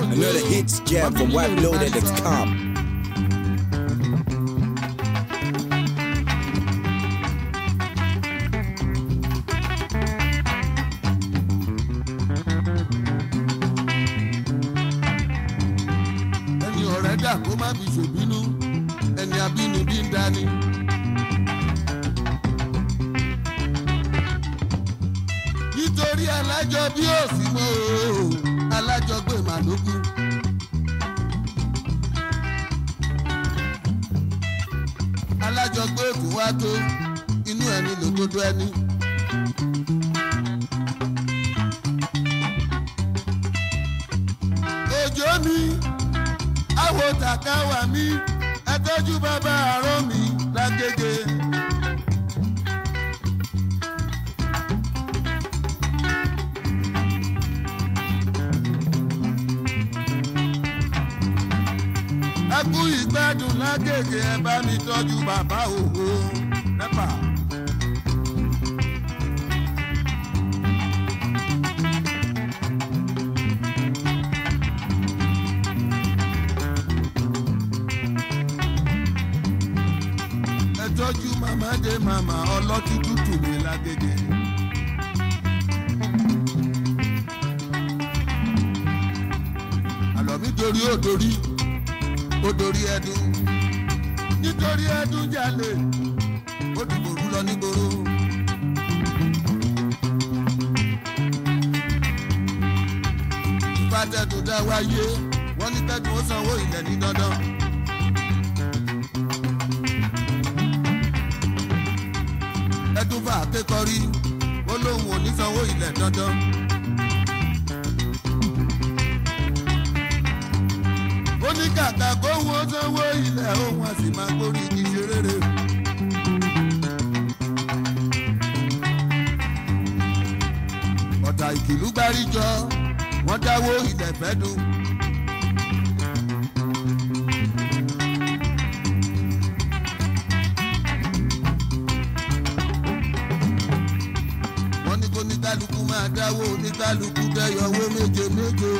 Another oh, hits jam from wideloaded.com. ẹni ọ̀rẹ́ dà kó má fi ẹni abínú bí dání. rí alájọ bí ó sì mọ o alájọ gbé màlúkù. alájọ gbé òkú wá tó inú ẹni lòdodo ẹni. òjò mi àwòtàkà wà mí ẹ tọ́jú bàbá dùn lágbègbè ẹ bá mi tọ́jú bàbá òwò nípa. ẹ tọ́jú màmá dé màmá ọlọ́tún tútù mi lágbègbè. àlọ́ mi dorí ò dorí ó dorí ẹdun nítorí ẹdun jalè ó dìbòrú lọ nígboro. ìbátẹ́dùn dá wáyé wọ́n ní tẹ́dùn ó sanwó ilẹ̀ ní dandan. ẹdun bá akẹ́kọ̀ọ́ rí ó lóun ò ní sanwó ilẹ̀ dandan. ó ní kàkà kóhun ó sanwó ilẹ̀ ohun àti máa gbórí kì í ṣe rere. ọ̀tà ìkìlú gbáríjọ wọ́n dáwó ilẹ̀ fẹ́ dùn. wọ́n ní kó ní kálukú máa dáwó ní kálukú dẹ́yọ̀wó méje méje.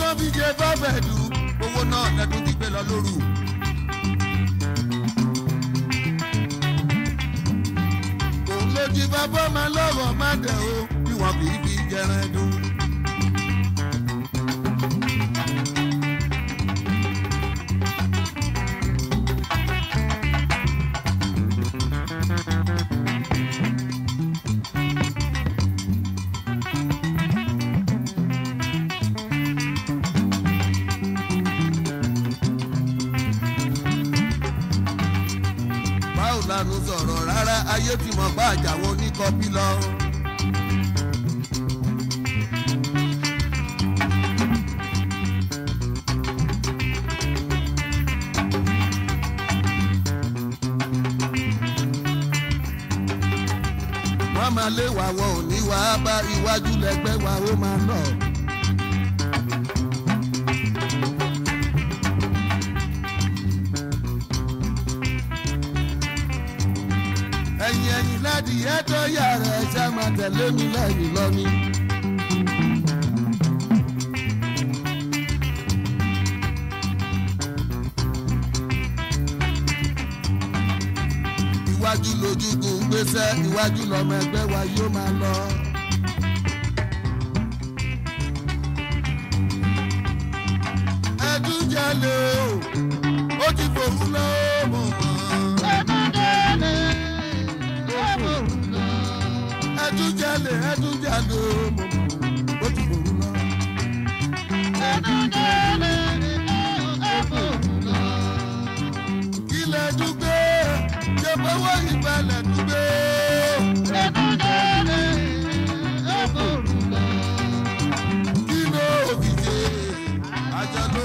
tó fi ṣe fọ́fẹ̀dù owó náà lẹ́tún ti gbé lọ lóru. òun ló ti bá bọ́ lọ́wọ́ má dẹ̀ o bí kì í fi jẹran dùn. lanu sọ̀rọ̀ rárá ayé ti mọ̀ bá àjàwọn oníkọ́bí lọ. wọ́n máa lé wa wọn ò wàá bá iwájú lẹ́gbẹ́ wa ó máa lọ. ẹ̀yìn ẹ̀yìn ládìyẹ tó yàrá ẹ̀ṣẹ̀ máa tẹ̀lé mi lẹ́yìn lọ́mí. iwájú lójúkú gbéṣẹ́ iwájú lọ́mọ ẹgbẹ́ wa yóò máa lọ. ẹdún jalè o ó ti fòun lọ́wọ́ mọ̀. ẹtún jalè ẹtún jalè mo mọ̀ ó ti fòrú lọ. ẹtún jalè ẹ fòrú lọ. ilẹ̀ dúgbé ṣe fọwọ́ ìgbàlẹ̀ dúgbé. ẹtún jalè ẹ fòrú lọ. kí ló òkìtì àjọ ló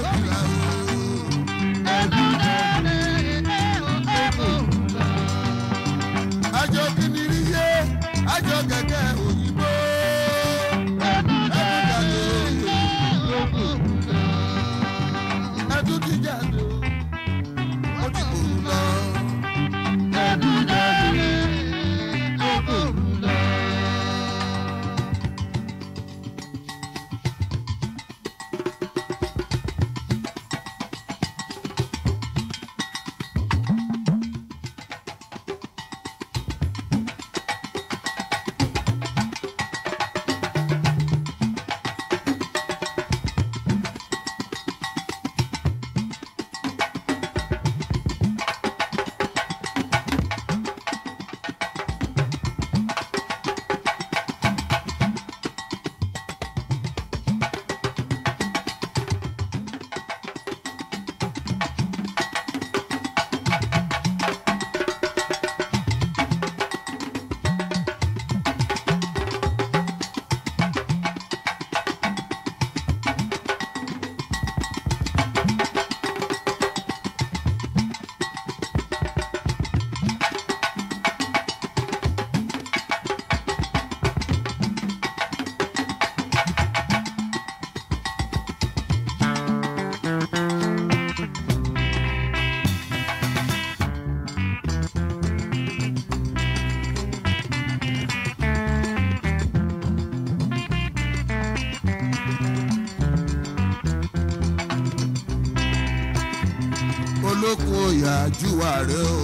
olókun òyà júwà rẹ o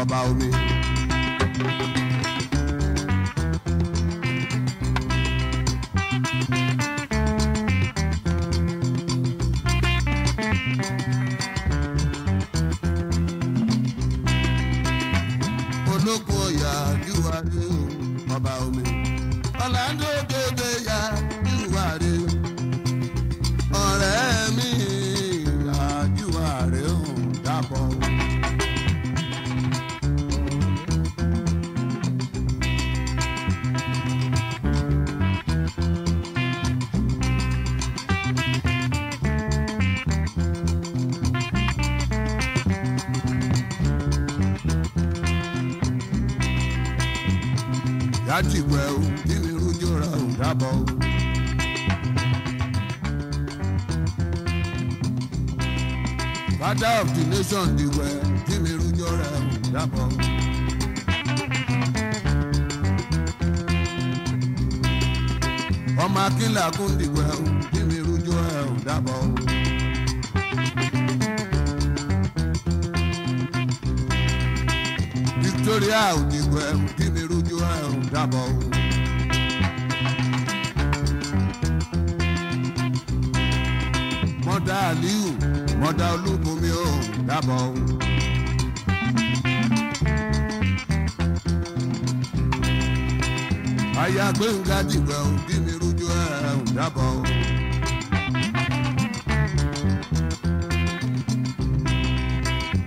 ọba omi. láti pẹ́ o kí ni rújọra ò dábọ̀ o. father of the nation dìwẹ̀ kí ni rújọra ò dábọ̀ o. ọmọ akínlá kún dìwẹ̀ o kí ni rújọra ò dábọ̀ o. Victoria ò dìwẹ̀ o káàbọ̀ o. mọ́dà aliu mọ́dà olúbomi o káàbọ̀ o. aya gbẹ̀ngà dìgbẹ̀ o bí mi rújú ẹ̀ ń dábọ̀ o.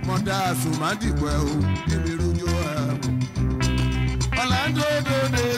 mọ́dà sùnmádìgbẹ̀ o bí mi go, go, go.